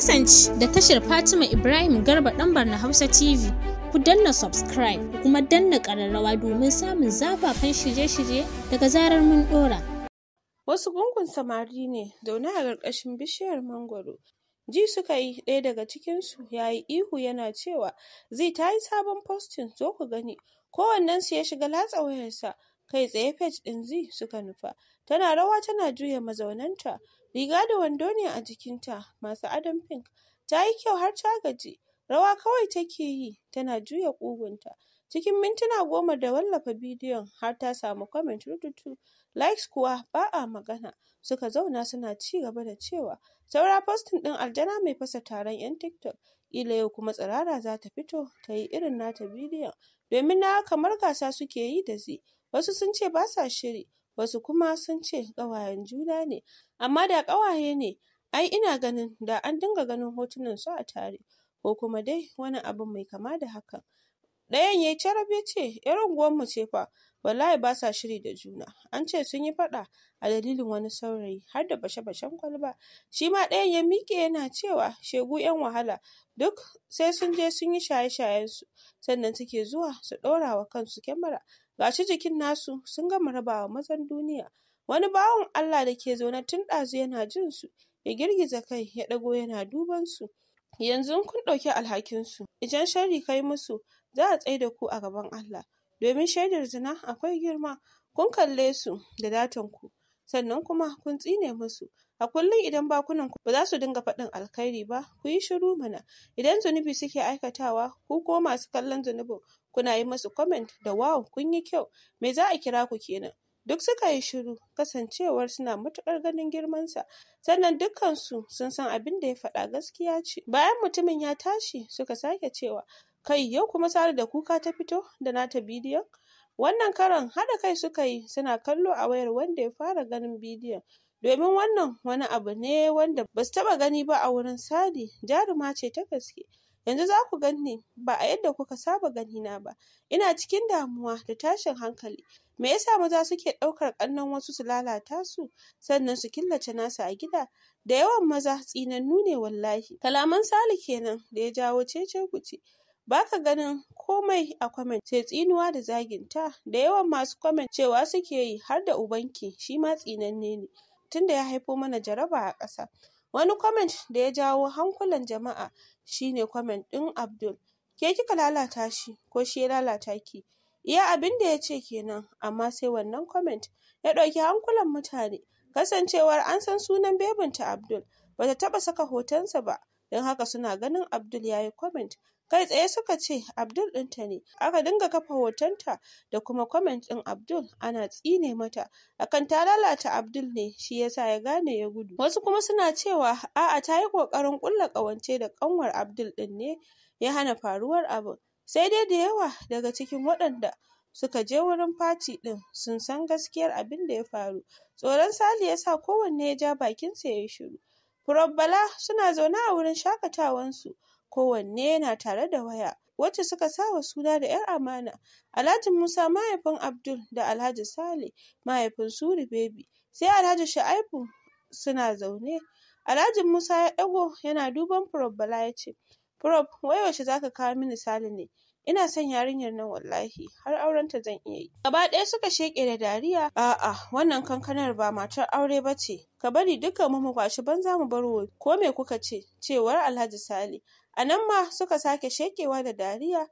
kasance da tashar Fatima Ibrahim Garba ɗan na Hausa TV. Ku danna subscribe kuma danna ƙararrawa domin samun zafafan shirye-shirye daga zarar mun ɗora. Wasu gungun samari ne zaune a ƙarƙashin bishiyar mangwaro. Ji suka yi ɗaya daga cikinsu ya yi ihu yana cewa zai ta yi sabon postin zo ku gani. Kowannensu ya shiga latsa wayarsa kai tsaye page ɗin zi suka nufa. Tana rawa tana juya mazaunanta. riga da wando ne a jikin ta masu adon pink ta yi kyau har ta gaji rawa kawai take yi tana juya ta cikin mintuna goma da wallafa bidiyon har ta samu comment rututu likes kuwa ba a magana suka zauna suna ci gaba da cewa saura postin ɗin aljana mai fasa taron yan tiktok ƙila yau kuma tsirara za ta fito ta yi irin nata bidiyon domin na kamar gasa suke yi da zai wasu sun ce ba shiri wasu kuma sun ce ƙawayen juna ne amma da ƙawaye ne ai ina ganin da an dinga ganin hotunan su a tare ko kuma dai wani abu mai kama da haka ɗayan yayi carabi yace yar unguwar mu ce fa wallahi basa shiri da juna an ce sun yi faɗa a dalilin wani saurayi har da bashe bashen kwalba shi ma ɗayan ya miƙe yana cewa shegu yan wahala duk sai sun je sun yi shaye shayen su sannan suke zuwa su ɗora wa kansu kyamara gashi jikin nasu sun gama rabawa mazan duniya wani bawan Allah da ke zaune tun ɗazu yana jin su ya girgiza kai ya ɗago yana duban su yanzu kun ɗauki alhakin su idan sharri kai musu za a tsaida ku a gaban Allah domin shaidar zina akwai girma kun kalle su da datan ku sannan kuma kun tsine musu a kullum idan bakunan ku ba za su dinga faɗin alkhairi ba ku yi shiru mana idan zunubi suke aikatawa ku ko masu kallon zunubin kuna yi masu comment da wow kun yi kyau me za a kira ku kenan duk suka yi shiru kasancewar suna matukar ganin girmansa sannan dukkansu sun san abin da ya faɗa gaskiya ce bayan mutumin ya tashi suka sake cewa kai yau kuma sare da kuka ta fito da nata bidiyon wannan karan haɗa kai suka yi suna kallo a wayar wanda ya fara ganin bidiyon domin wannan wani abu ne wanda ba su taɓa gani ba a wurin sadi jaruma ce ta gaske Yanzu za ku gan ba a yadda kuka saba gani na ba. Ina cikin damuwa da tashin hankali. Me yasa maza suke ɗaukar ƙannan wasu su lalata su, sannan su killace nasu a gida? Da yawan maza tsinannu ne wallahi. Kalaman Sale kenan da ya jawo cece-kuce. Ba ka ganin komai a kwamen sai tsinuwa da zaginta. Da yawan masu kwamen cewa suke yi har da ubanki shi ma tsinanne ne. tunda ya haifo mana jaraba a ƙasa. Wani kwamen da ya jawo hankulan jama'a shine ne kwamen ɗin Abdul: "Ke kika lalata shi ko shi ya lalata ki?" Iya abinda ya ce kenan, amma sai wannan kwamen ya ɗauki hankulan mutane, kasancewar an san sunan bebinta Abdul, bata taɓa saka hotonsa ba, don haka suna ganin Abdul yayi kwamen kai tsaye suka ce abdul ɗinta ne aka dinga kafa hotonta da kuma comment ɗin abdul ana tsine mata akan ta lalata abdul ne shi yasa ya gane ya gudu wasu kuma suna cewa a'a ta yi ƙoƙarin ƙulla ƙawance da ƙanwar abdul ɗin ne ya hana faruwar abin sai dai da yawa daga cikin waɗanda suka je wurin fati ɗin sun san gaskiyar abin da ya faru tsoron sali ya sa kowanne ya ja bakinsa ya yi shiru Furabbala suna zaune a wurin shakatawansu kowanne yana tare da waya wacce suka sawa suna da ‘yar amana. Alhaji Musa mahaifin Abdul da Alhaji Sale mahaifin Suri Baby sai Alhaji Shu'aibu suna zaune. Alhaji Musa ya ɗago yana duban Prof Bala ya ce, Prof wai za ka kawo mini Sale ne? Ina son yarinyar nan wallahi har auren ta zan iya yi. Gaba ɗaya suka sheke da dariya. A'a wannan kankanar ba matar aure ba ce ka bari dukkan mu mu kwashi banza mu bar wuri ko me kuka ce cewar Alhaji Sale a nan ma suka sake shekewa da dariya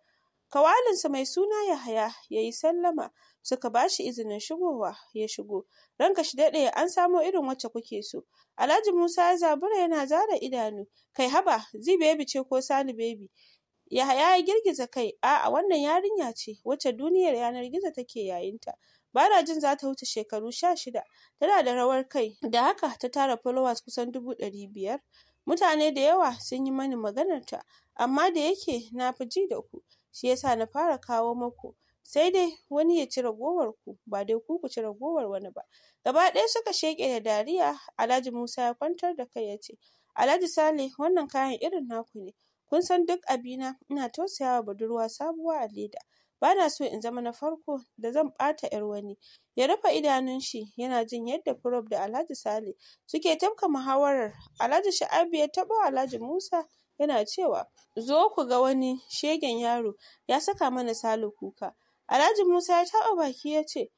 kawalinsa mai suna Yahaya yayi sallama suka bashi izinin shigowa ya shigo ranka shi dade an samo irin wacce kuke so Alhaji Musa ya zabura yana zara idanu kai haba zi baby ce ko Sani bebi. Yahaya ya girgiza kai a'a wannan yarinya ce wacce duniyar yanar gizo take yayinta ba jin za ta wuce shekaru sha shida tana da rawar kai da haka ta tara followers kusan dubu ɗari biyar mutane da yawa sun yi mani maganar ta amma da yake na fi ji da ku shi yasa na fara kawo maku sai dai wani ya ci ragowar ku ba dai ku ku ci ragowar wani ba gaba ɗaya suka sheke da dariya Alhaji Musa ya kwantar da kai ya ce Alhaji Sale wannan kayan irin naku ne kun san duk abina ina tausayawa budurwa sabuwa a leda bana so in zama na farko da zan ɓata ‘yar wani. Ya rufe idanun shi yana jin yadda Prof da Alhaji Sale suke tafka muhawarar. Alhaji Sha'abi ya taba Alhaji Musa yana cewa zo ku ga wani shegen yaro ya saka mana Sale kuka. Alhaji Musa ya taɓa baki ya ce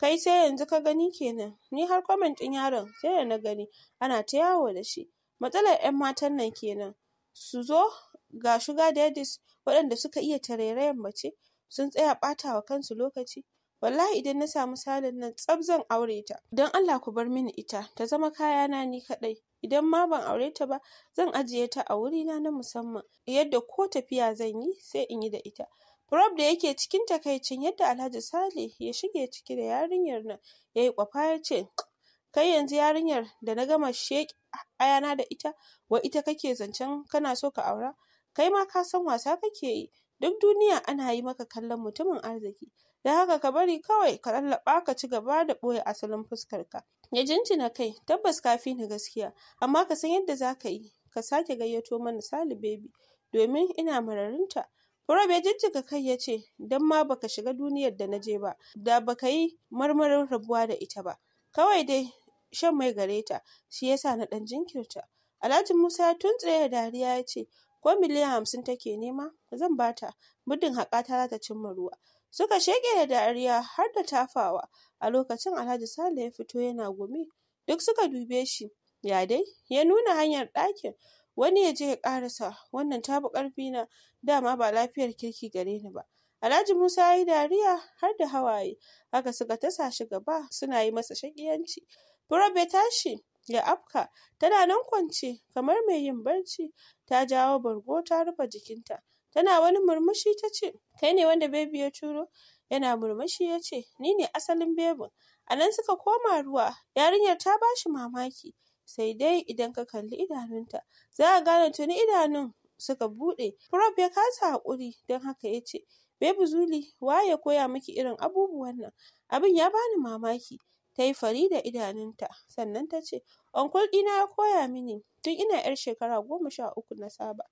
kai sai yanzu ka gani kenan ni har comment ɗin yaron sai da na gani ana ta yawo da shi. Matsalar ‘yan matan nan kenan su zo ga sugar daddies waɗanda suka iya tarairayan mace sun tsaya ɓata wa kansu lokaci wallahi idan na samu salin nan tsab zan aure ta don Allah ku bar mini ita ta zama kayana ni kadai. idan ma ban aure ta ba zan ajiye ta a wuri na na musamman yadda ko tafiya zan yi sai in yi da ita Rob da yake cikin takaicin yadda Alhaji Saleh ya shige ciki da yarinyar nan ya yi kwafa ya ce kai yanzu yarinyar da na gama sheƙi ayana da ita wa ita kake zancen kana so ka aura kai ma ka san wasa kake yi duk duniya ana yi maka kallon mutumin arziki Da haka ka bari kawai ka lallaba ka ci gaba da ɓoye asalin fuskar ka ya jinjina kai tabbas ka fi ni gaskiya amma ka san yadda za ka yi ka sake gayyato mana sali bebi. domin ina mararinta Rob ya jijjiga kai ya ce, "Don ma baka shiga duniyar da na je ba, da baka yi marmarin rabuwa da ita ba, kawai dai shan mai gare ta, shi yasa na ɗan jinkirta." Alhaji Musa ya tuntsaya dariya ya ce, ko miliyan hamsin take nema zan bata muddin ta za ta cimma ruwa suka sheƙe da dariya har da tafawa a lokacin alhaji sale ya fito yana gumi duk suka dube shi ya dai ya nuna hanyar ɗakin wani ya je ya ƙarasa wannan ta fi ƙarfi na dama ba lafiyar kirki gare ni ba alhaji musa ya yi dariya har da hawaye haka suka tasa shi gaba suna yi masa shakiyanci Furobe ta tashi ya afka, tana nan kwance kamar mai yin barci, ta jawo bargo ta rufe jikinta. Tana wani murmushi ta ce, Kai ne wanda Baby ya turo? Yana murmushi ya ce, Ni ne asalin Bebin. A nan suka koma ruwa, yarinyar ta bashi mamaki, sai dai idan ka kalli idanunta, za ka gane tuni idanun suka bude. Prof ya kasa haƙuri don haka ya ce, Zuli, waye ya koya miki irin abubuwan nan? Abin ya bani mamaki. ta yi fari da idanunta sannan ta ce ɗina ya koya mini tun ina yar shekara goma sha uku na saba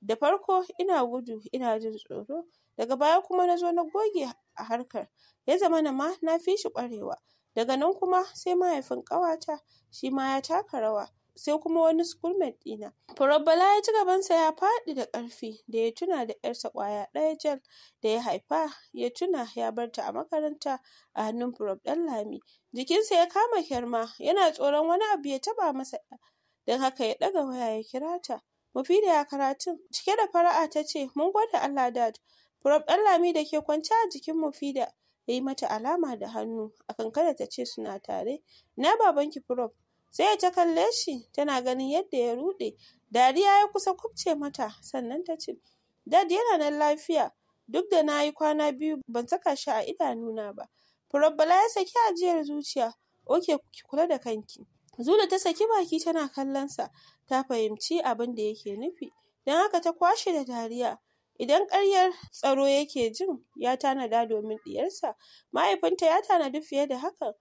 da farko ina gudu ina jin tsoro daga baya kuma na zo na goge a harkar ya zamana ma na fi shi ƙwarewa daga nan kuma sai mahaifin ƙawata shima ya taka rawa sai kuma wani schoolmate ɗina. Farabbala ya ci gabansa ya faɗi da ƙarfi da ya tuna da ƴarsa ƙwaya ɗaya jar da ya haifa ya tuna ya bar ta a makaranta a hannun Prof ɗan Lami. Jikinsa ya kama kyarma yana tsoron wani abu ya taɓa masa don haka ya ɗaga waya ya kira ta. Mufida ya karatun cike da fara'a ta ce mun gwada Allah dad. Prof ɗan Lami da ke kwance a jikin Mufida ya yi mata alama da hannu a kada ta ce suna tare. Ina babanki Prof Sai ta kalle shi tana ganin yadda ya rude. Dariya ya kusa kubce mata sannan ta ce, Dad yana nan lafiya duk da na yi kwana biyu ban saka shi a idanuna ba. Furabbala ya saki ajiyar zuciya. Oke ki kula da kanki. Zula ta saki baki tana kallon sa ta fahimci abin da yake nufi. Don haka ta kwashe da dariya. Idan karyar tsaro yake jin ya tanada domin ɗiyarsa, mahaifinta ya tanadi fiye da hakan.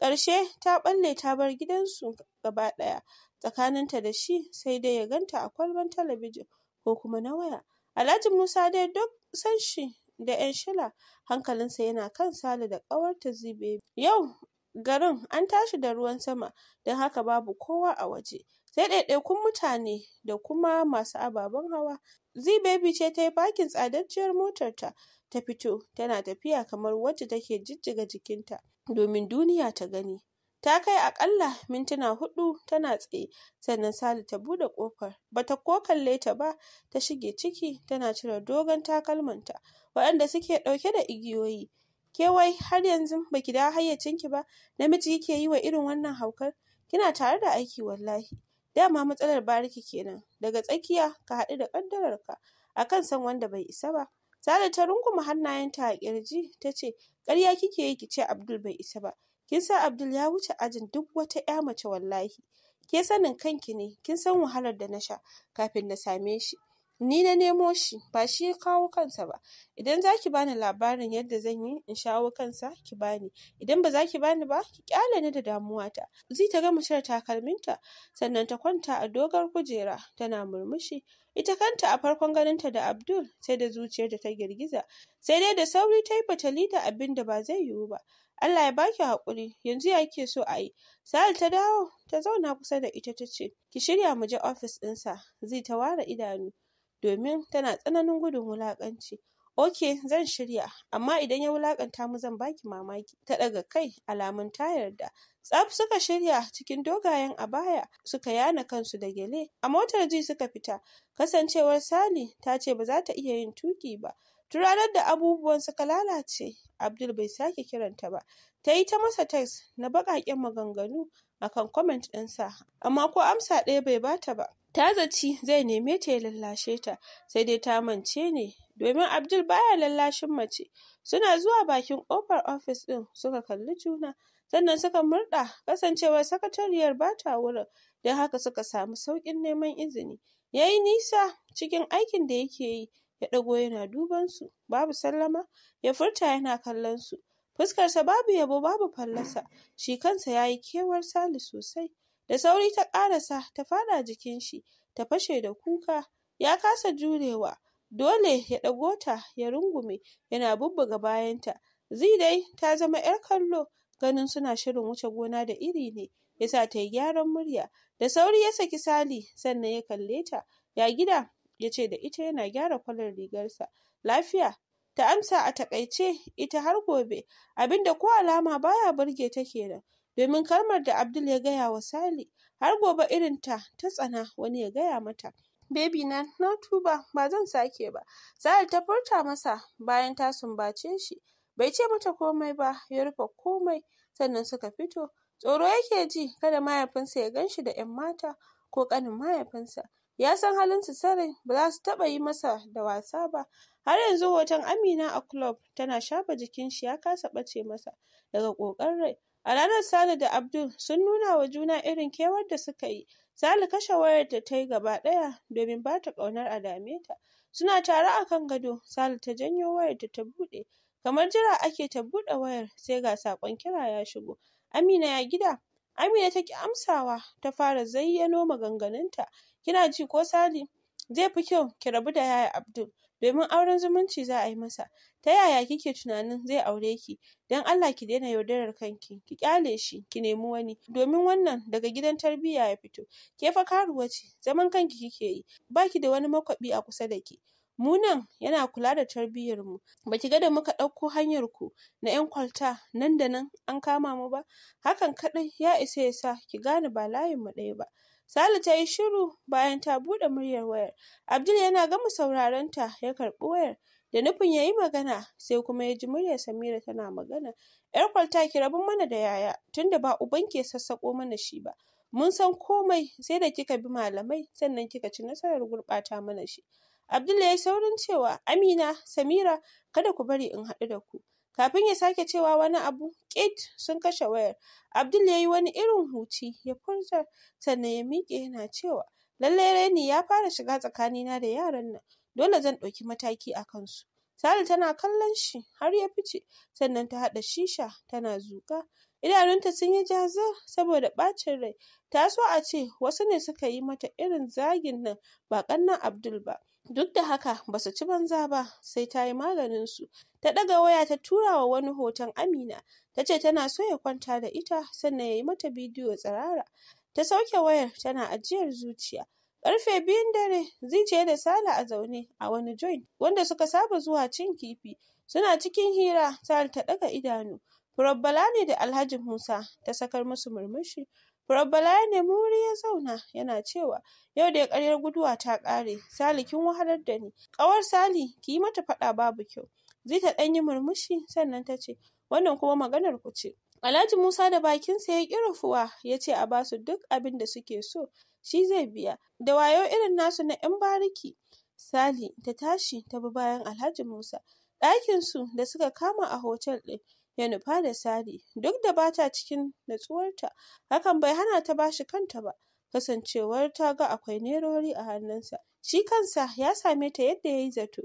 Karshe ta ɓalle ta bar gidansu gaba ɗaya tsakaninta da shi sai dai ya ganta a kwalban talabijin ko kuma na waya. Alhaji Musa dai duk san shi da 'yan shila hankalinsa yana kan Sale da ƙawarta Zibebi. Yau garin an tashi da ruwan sama don haka babu kowa a waje sai ɗaiɗaikun mutane da kuma masu ababen hawa. Zibebi ce ta yi fakin tsadajjiyar motarta ta fito tana tafiya kamar wacce take jijjiga jikinta domin duniya ta gani ta kai akalla mintuna hudu tana tsaye sannan Sale ta bude kofar bata ko kalle ta ba ta shige ciki tana cire dogon takalmanta waɗanda suke ɗauke da igiyoyi ke har yanzu baki dawo hayyacinki ba namiji yake yi wa irin wannan haukar kina tare da aiki wallahi dama matsalar bariki kenan daga tsakiya ka haɗu da ƙaddararka akan san wanda bai isa ba Sale ta runguma hannayenta a kirji ta ce, "Ƙarya kike yi ki ce Abdul bai isa ba. Kin san Abdul ya wuce ajin duk wata ƴa mace wallahi. Ke sanin kanki ne, kin san wahalar da na sha kafin na same shi. Ni na nemo shi, ba shi ya kawo kansa ba. Idan za ki bani labarin yadda zan yi in shawo kansa, ki bani. Idan ba za ki bani ba, ki kyale ni da damuwata. Zai ta gama cire takalminta, sannan ta kwanta a dogar kujera, tana murmushi. ita kanta a farkon ganinta da Abdul sai da zuciyar da ta girgiza sai dai da sauri ta yi fatali da abin da ba zai yiwu ba Allah ya baki haƙuri yanzu ya ke so a yi Sahal ta dawo ta zauna kusa da ita ta ce ki shirya mu je ofis ɗinsa zai ta ware idanu domin tana tsananin gudun wulakanci. ok zan shirya amma idan ya wulakanta mu zan baki mamaki ta ɗaga kai alamun ta yarda Tsaf suka shirya cikin dogayen abaya suka yana kansu da gele. A motar ji suka fita, kasancewar Sani ta ce ba za ta iya yin tuki ba. Turanar da abubuwan suka lalace, Abdul bai sake kiranta ba. Ta yi ta masa teks na baƙaƙen maganganu akan comment ɗinsa, amma ko amsa ɗaya bai bata ba. Ta zaci zai neme ta ya lallashe ta, sai dai ta mance ne, domin Abdul baya lallashin mace. Suna zuwa bakin ƙofar ofis ɗin suka kalli juna. sannan suka murda? kasancewar sakatariyar ba ta wurin don haka suka samu sauƙin neman izini ya yi nisa cikin aikin da yake yi ya ɗago yana duban su babu sallama ya furta yana kallon su fuskarsa babu yabo babu fallasa shi kansa ya yi kewar sali sosai da sauri ta sa ta faɗa jikin shi ta fashe da kuka ya kasa jurewa dole ya ɗago ta ya rungume yana bubbuga bayanta zai dai ta zama 'yar kallo ganin suna shirin wuce gona da iri ne ya sa ta yi gyaran murya da sauri ya saki sali sannan ya kalle ta ya gida ya ce da ita yana gyara kwalar rigarsa lafiya ta amsa a takaice ita har gobe abinda ko alama baya burge ta kenan domin kalmar da Abdul ya gaya wa Sali, har gobe irin ta ta tsana wani ya gaya mata Baby na na tuba ba zan sake ba Sali ta furta masa bayan ta sumbace shi bai ce mata komai ba ya rufe komai sannan suka fito tsoro yake ji kada mahaifinsa ya ganshi da yan mata ko kanin mahaifinsa ya san halin su sarai ba za su taba yi masa da wasa ba har yanzu hoton Amina a club tana shafa jikin shi ya kasa bace masa daga kokar rai a ranar Sale da Abdul sun nuna wa juna irin kewar da suka yi Sale kashe wayar da ta yi gaba ɗaya domin ba ta ƙaunar a dame ta. Suna tare a kan gado, Sale ta janyo wayar ta ta buɗe. Kamar jira ake ta buɗe wayar sai ga saƙon kira ya shigo. Amina ya gida? Amina ta ki amsawa ta fara zayyano maganganunta. Kina ji ko Sali? Zai fi kyau ki rabu da yaya Abdul domin auren zumunci za a yi masa. Ta yaya kike tunanin zai aure ki? Don Allah ki daina yaudarar kanki, ki kyale shi, ki nemi wani. Domin wannan daga gidan tarbiyya ya fito. Ke fa karuwa ce, zaman kanki kike yi, ba ki da wani makwaɓi a kusa da ke. mu nan yana kula da tarbiyyar mu baki ga da muka ɗauko hanyar ku na yan kwalta nan da nan an kama mu ba hakan kaɗai ya isa ya sa ki gane ba layin mu ɗaya ba Sale ta yi shiru bayan ta buɗe muryar wayar Abdul yana gama sauraron ta ya karɓi wayar da nufin ya yi magana sai kuma ya ji muryar Samira tana magana Ƴar kwalta ki rabu mana da yaya tunda ba uban ke sassaƙo mana shi ba mun san komai sai da kika bi malamai sannan kika ci nasarar gurɓata mana shi Abdul ya yi saurin cewa Amina, Samira, kada ku bari in haɗu da ku. Kafin ya sake cewa wani abu, Kate sun kashe wayar. Abdul ya yi wani irin huci ya furta sannan ya miƙe yana cewa lallai raini ya fara shiga tsakanina da yaran nan. Dole zan ɗauki mataki a kansu. Sali tana kallon shi har ya fice sannan ta haɗa shisha tana zuƙa. Idanunta sun yi jazir saboda ɓacin rai. Ta so a ce wasu ne suka yi mata irin zagin nan ba ƙannan Abdul ba. duk da haka ba su ci banza ba sai ta yi maganin su ta ɗaga waya ta tura wa wani hoton amina ta ce tana so ya kwanta da ita sannan ya yi mata bidiyo tsirara ta sauke wayar tana ajiyar zuciya Ƙarfe biyun dare zuciya da Sale a zaune a wani joint wanda suka saba zuwa cin kifi suna cikin hira sal ta ɗaga idanu Furabbala ne da Alhaji Musa ta sakar musu murmushi Bala ya nemi wuri ya zauna yana cewa yau dai karyar guduwa ta ƙare Sali kin wahalar da ni ƙawar Sali ki yi mata faɗa babu kyau Zita ɗan yi murmushi sannan ta ce wannan kuma maganar ku ce Alhaji Musa da bakinsa ya kirafuwa yace ya ce a basu duk abin da suke so shi zai biya da wayo irin nasu na 'yan bariki Sali ta tashi ta bi bayan Alhaji Musa ɗakin su da suka kama a hotel ɗin ya nufa da sari duk da bata cikin natsuwarta hakan bai hana ta bashi kanta ba kasancewar ta ga akwai nerori a hannunsa shi kansa ya same ta yadda yayi zato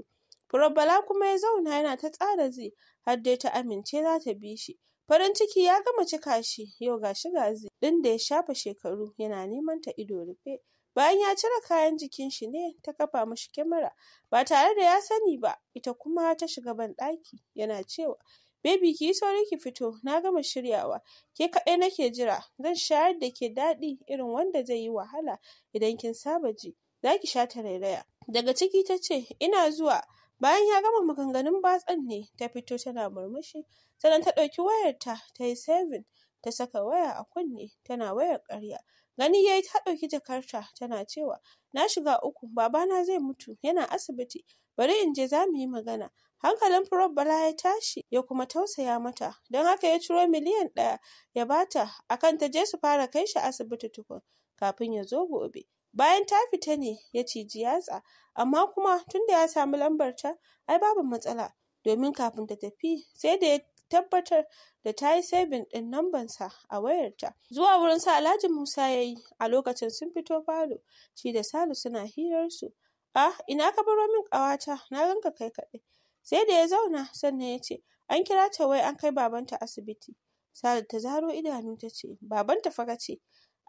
Furabbala kuma ya zauna yana ta tsara zai har dai ta amince za ta bi shi farin ciki ya gama cika shi yau gashi ga zai ɗin da ya shafe shekaru yana neman ta ido rufe bayan ya cire kayan jikin shi ne ta kafa mashi kyamara ba tare da ya sani ba ita kuma ta shiga banɗaki yana cewa Baby ki yi sauri ki fito, na gama shiryawa. Ke kaɗai nake jira, zan shayar da ke daɗi irin wanda zai yi wahala idan kin saba ji. Za ki sha ta rairaya Daga ciki ta ce, ina zuwa. Bayan ya gama maganganun batsan ne, ta fito tana murmushi. Sannan ta ɗauki wayarta ta yi saving, ta saka waya a kunne, tana wayar ƙarya. Gani ya yi ta ɗauki jakarta tana cewa, na shiga uku, babana zai mutu, yana asibiti, bari in je za mu yi magana. Hankalin Prof Bala ya tashi ya kuma tausaya mata, don haka ya ciro miliyan ɗaya ya bata akan ta je su fara kai shi asibiti tukun kafin ya zo gobe. Bayan ta fita ne ya ciji yatsa, amma kuma tunda ya samu lambar ta ai babu matsala domin kafin ta tafi sai da ya tabbatar da ta yi sabin ɗin lambansa a wayarta. Zuwa wurin sa Alhaji Musa ya yi a lokacin sun fito falo, shi da Salu suna hirar su Ah, ina ka baro min ƙawata, na ganka kai kaɗai. Sai da ya zauna sannan ya ce, an kira ta wai an kai babanta asibiti. Sa'ad ta zaro idanu ta ce, babanta faka ce,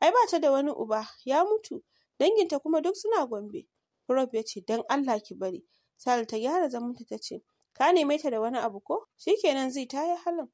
ai ba ta da wani uba, ya mutu, danginta kuma duk suna Gombe. Prof ya ce, don Allah ki bari. Sa'ad ta gyara zamanta ta ce, ka neme ta da wani abu ko? Shikenan zai ta yi halin.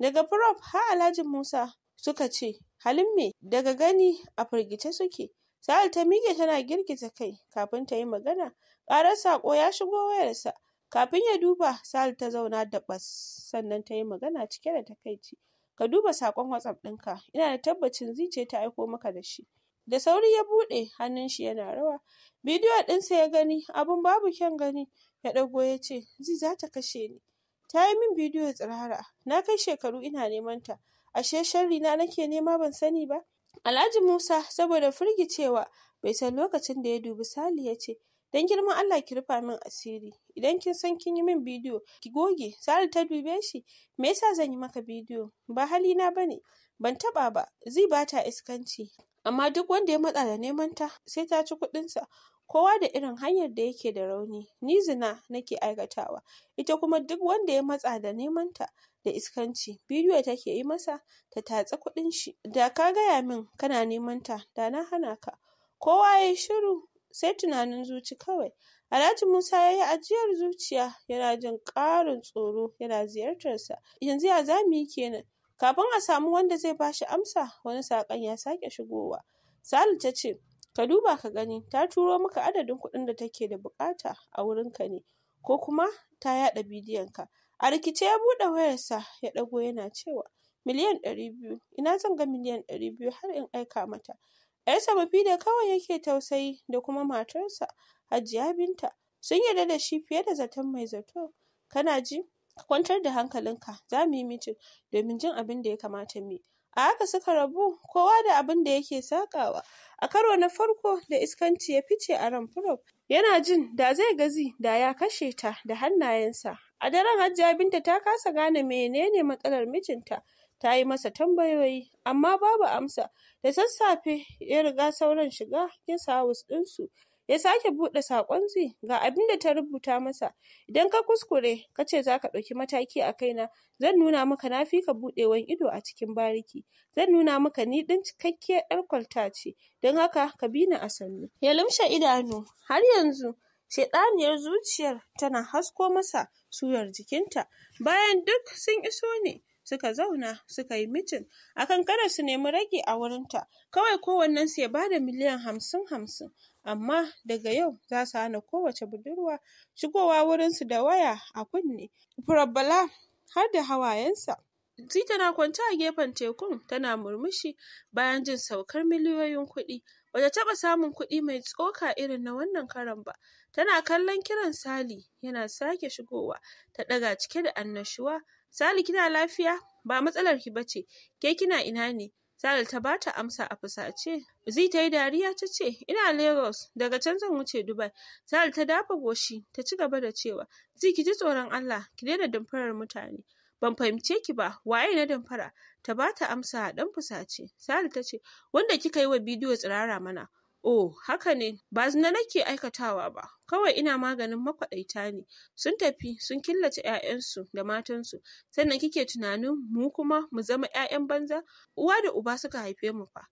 Daga Prof har Alhaji Musa suka ce, halin me? Daga gani a firgice suke. Sa'ad ta miƙe tana girgiza kai kafin ta yi magana. Ƙarar saƙo ya shigo wayarsa. Kafin ya duba, sal ta zauna da bas sannan ta yi magana cike da takaici. Ka duba saƙon WhatsApp ɗinka, ina da tabbacin Zice ta aiko maka da shi. Da sauri ya buɗe, hannun shi yana rawa. Bidiyo ɗinsa ya gani, abun babu kyan gani. Ya dago ya ce, zai za ta kashe ni. Ta yi min bidiyo tsirara, na kai shekaru ina neman ta. Ashe sharri na nake nema ban sani ba? Alhaji Musa saboda firgicewa bai san lokacin da ya dubi Sali ya ce, dan girman Allah ki rufa min asiri idan kin san kin yi min bidiyo ki goge Sale ta dube shi me yasa zan yi maka bidiyo ba hali na bane ban taba ba zai bata iskanci amma duk wanda ya matsa da neman ta sai ta ci kuɗin sa kowa da irin hanyar da yake da rauni ni zina nake aikatawa ita kuma duk wanda ya matsa da neman ta da iskanci bidiyo take yi masa ta tatsa kuɗin shi da ka gaya min kana neman ta da na hana ka kowa yayi shiru sai tunanin zuci kawai. Alhaji Musa ya yi ajiyar zuciya yana jin ƙarin tsoro yana ziyartarsa. Yanzu ya zami kenan? Kafin a samu wanda zai ba shi amsa wani saƙon ya sake shigowa. Salu ta ce, ka duba ka gani ta turo maka adadin kuɗin da take da bukata a wurinka ne ko kuma ta yada bidiyonka. A rikice ya buɗe wayarsa ya ɗago yana cewa miliyan ɗari biyu ina zan ga miliyan ɗari biyu har in aika mata. Yarsa da kawai yake tausayi da kuma matarsa Hajiya Binta sun yarda da shi fiye da zaton mai zato. Kana ji? Ka kwantar da hankalinka za mu yi mitin domin jin abin da ya kamata mu yi. A haka suka rabu kowa da abin da yake sakawa. A karo na farko da iskanci ya fice a ran Furof yana jin da zai gazi da ya kashe ta da hannayensa. A daren Hajiya Binta ta kasa gane menene matsalar mijinta. ta yi masa tambayoyi amma babu amsa da sassafe ya riga sauran shiga guest house ɗinsu ya sake buɗe zi ga abin da ta rubuta masa idan ka kuskure ka ce za ka ɗauki mataki a kaina zan nuna maka na fi ka buɗewan ido a cikin bariki zan nuna maka ni ɗin cikakkiyar ƴar kwalta ce don haka ka bi ni a sannu ya lumshe idanu har yanzu ɗaniyar zuciyar tana hasko masa suyar jikinta bayan duk sun iso ne suka zauna suka yi mitin akan kankara su nemi rage a wurinta kawai kowannen su ya bada miliyan hamsin hamsin amma daga yau za su hana kowace budurwa shigowa wurinsu da waya a kunne furabbala har da hawayensa Zita tana kwance a gefen tekun tana murmushi bayan jin saukar miliyoyin kuɗi. Bata taɓa samun kuɗi mai tsoka irin na wannan karon ba. Tana kallon kiran Sali yana sake shigowa, ta ɗaga cike da annashuwa. Sally kina lafiya? Ba matsalar ki bace. Ke kina ina ne? Sally ta bata amsa a fusace. Zai ta yi dariya ta ce, "Ina Lagos, daga can zan wuce Dubai." Sally ta dafa goshi, ta ci gaba da cewa, "Zai ki ji tsoron Allah, ki daina damfarar mutane." Ban fahimce ki ba, waye na damfara? Ta ba ta amsa a ɗan fusace. Sally ta ce, "Wanda kika yi wa bidiyo tsirara mana." Oh, haka ne, ba zina nake aikatawa ba, kawai ina maganin makwaɗaita ne. Sun tafi, sun killace ‘ya'yansu da matansu, sannan kike tunanin mu kuma mu zama ‘ya'yan banza? Uwa da uba suka haife mu fa.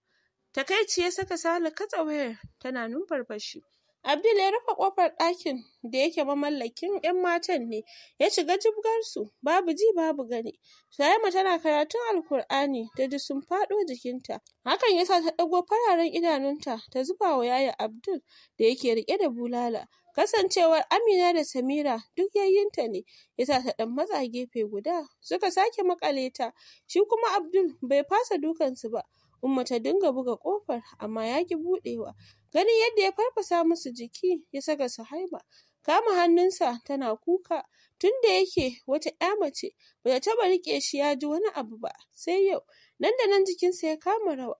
Takaici ya saka Sale katse wayar tana numfarfashi. Abdul ya rufe kofar ɗakin da yake mamallakin 'yan matan ne, ya shiga jibgarsu, babu ji babu gani. Sulaima tana karatun Alkur'ani da ji sun faɗo jikinta. Hakan ya sa ta ɗago fararen idanunta ta zuba wa yaya Abdul da yake riƙe da bulala. Kasancewar Amina da Samira duk yayyinta ne, ya sa ta ɗan matsa gefe guda. Suka sake maƙale ta, shi kuma Abdul bai fasa dukansu ba. Umma ta dinga buga ƙofar amma ya ki buɗewa. Ganin yadda ya farfasa musu jiki ya saka su haiba. Kama hannunsa tana kuka tunda yake wata ƴa mace bata taba rike shi ya ji wani abu ba sai yau. Nan da nan jikinsa ya kama rawa.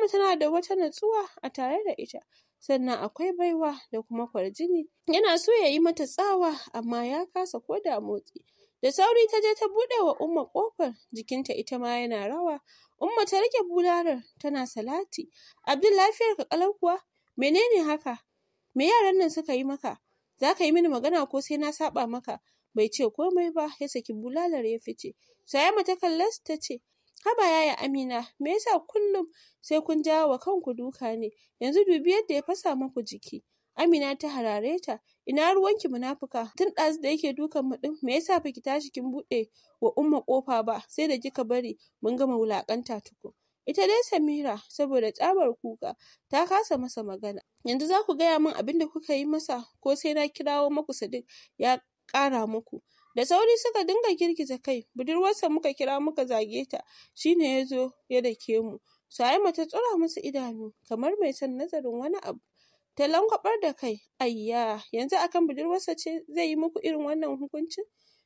mu tana da wata natsuwa a tare da ita. sannan akwai baiwa da kuma kwarjini yana so ya yi mata tsawa amma ya kasa ko da motsi Da sauri ta je ta buɗe wa Umma kofar jikinta ita ma yana rawa. Umma ta rike bulalar tana salati. Abdul lafiyar ka kalau kuwa? Menene haka? Me yaran nan suka yi maka? Za ka yi mini magana ko sai na saɓa maka? Bai ce komai ba, ya saki bulalar ya fice. Sayama ta kallas ta ce, Haba yaya Amina, me yasa kullum sai kun jawo wa kanku duka ne? Yanzu dubi yadda ya fasa muku jiki. Amina ta harare ta. Ina ruwanki munafuka? Tun ɗazu da yake dukan mu ɗin me yasa baki tashi kin buɗe wa umma ƙofa ba sai da kika bari mun gama wulaƙanta tuku. Ita dai Samira saboda tsabar kuka ta kasa masa magana. Yanzu za ku gaya min abin da kuka yi masa ko sai na kirawo muku Sadiq ya ƙara muku. Da sauri suka dinga girgiza kai, budurwarsa muka kira muka zage ta, shine ya zo ya dake mu. Suhaima ta tsura musu idanu kamar mai son nazarin wani abu. ta lankwabar da kai ayya yanzu akan budurwarsa ce zai yi muku irin wannan hukuncin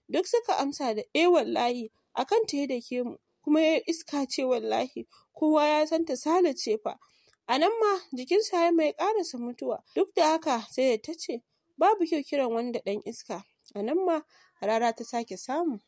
duk suka amsa da eh wallahi akan ta da ke mu kuma ya iska ce wallahi kowa ya san ta sale ce fa a nan ma jikinsa ya mai karasa mutuwa duk da haka sai da ta ce babu kyau kiran wanda dan iska a nan ma rara ta sake samu